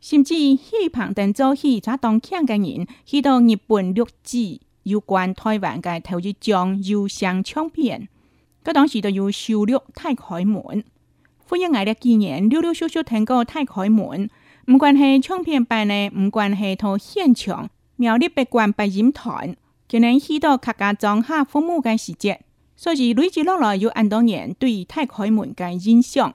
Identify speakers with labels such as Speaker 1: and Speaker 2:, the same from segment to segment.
Speaker 1: 甚至去旁定做去抓當槍的人，去到日本錄製，有關台灣嘅頭一張唱片，嗰當時都有收錄大開門。歡迎我哋今年陸陸續續聽過大開門，毋管係唱片版咧，毋管係套現場，苗栗北管八音團，竟然去到客家莊下服務嘅時節，所以累積落來有恁多人對大開門的印象。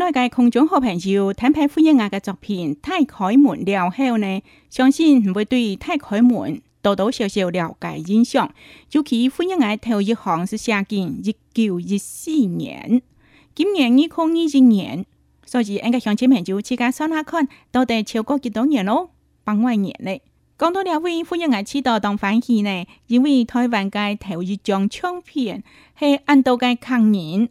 Speaker 1: 外界空中好朋友，談判胡一艾的作品《大開門》之後呢，相信唔會對《大開門》多多少少了解印象，尤其胡一艾頭一行是寫緊一九一四年，今年二零二一年，所以應該向鄉親朋友自家算下看，到底超過幾多年咯？百外年呢。講道我到兩位胡一艾此度當反戲呢，因為台灣嘅頭一張唱片係按度嘅抗人。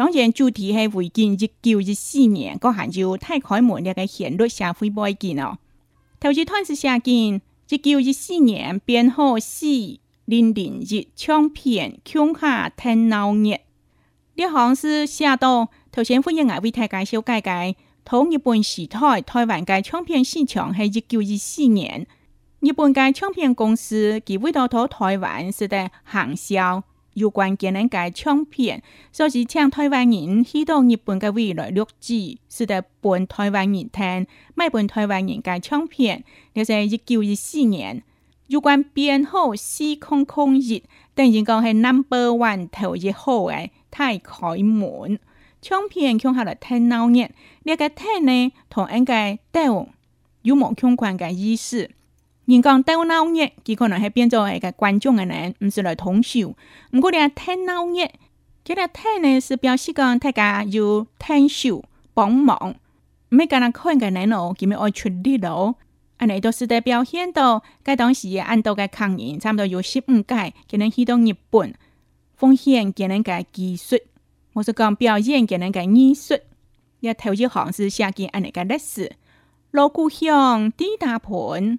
Speaker 1: 當前主題係回見一九一四年，個漢朝大開門列嘅顯露社會背景咯。投資團是寫見一九一四年編號四零零一唱片共下 𢯭 鬧熱。列項是寫到，首先歡迎 𠊎 為大家介紹介紹。同日本時代台灣嘅唱片市場係一九一四年，日本嘅唱片公司佢會到台灣是在行銷。有關今年石唱片，說是請台灣人去到日本嘅未來錄製，是為本台灣人聽，賣伴台灣人嘅唱片，了在一九一四年，有關編號四零零一，等於講 number one 頭一號嘅大開門唱片唱下來恁鬧熱，你、那個廳呢，同人該對望，有冇相關嘅意思？人講逗鬧熱，伊可能係變做一個觀眾嘅人，毋是來通宵。毋過你聽鬧熱，即個聽呢是表示講大家有聽收幫忙，唔要咁難看嘅人哦，咁樣愛出力咯。安內都是在表演度，該當時按到嘅抗人差不多有十五屆，技能去到日本，奉獻技能嘅技術，我是講表演給技能嘅藝術。你條就好似想起安內嘅歷史，鑼鼓響，滴答歕。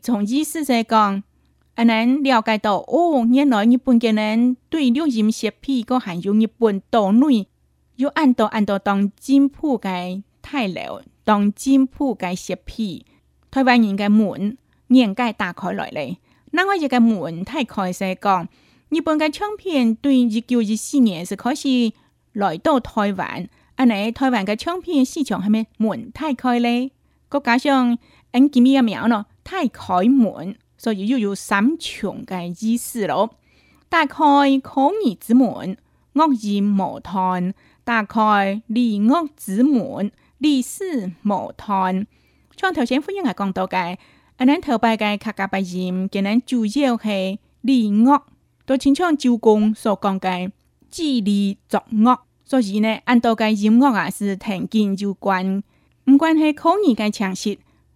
Speaker 1: 從意思嚟講，阿你了解到，哦，原來日本嘅人對六零蛇皮個含有日本豆類，有按到按到當砧朴嘅材料，當砧朴嘅蛇皮，台灣人嘅門應該打開來咧。那我哋嘅門太開晒講，日本嘅唱片對一九一四年是開始來到台灣，阿、啊、你台灣嘅唱片市場係咪門太開咧？再加上，嗯，幾秒大開門，所以就有三重嘅意思咯。打開科儀之門，樂音無斷，打開禮樂之門，禮數無斷。像頭先富人阿講到嘅，阿啲頭擺嘅客家白卡卡人，佢哋主要係禮樂，都親像周公所講嘅制禮作樂。所以呢，按多嘅音樂啊，是談經有關，唔關係科儀嘅常識。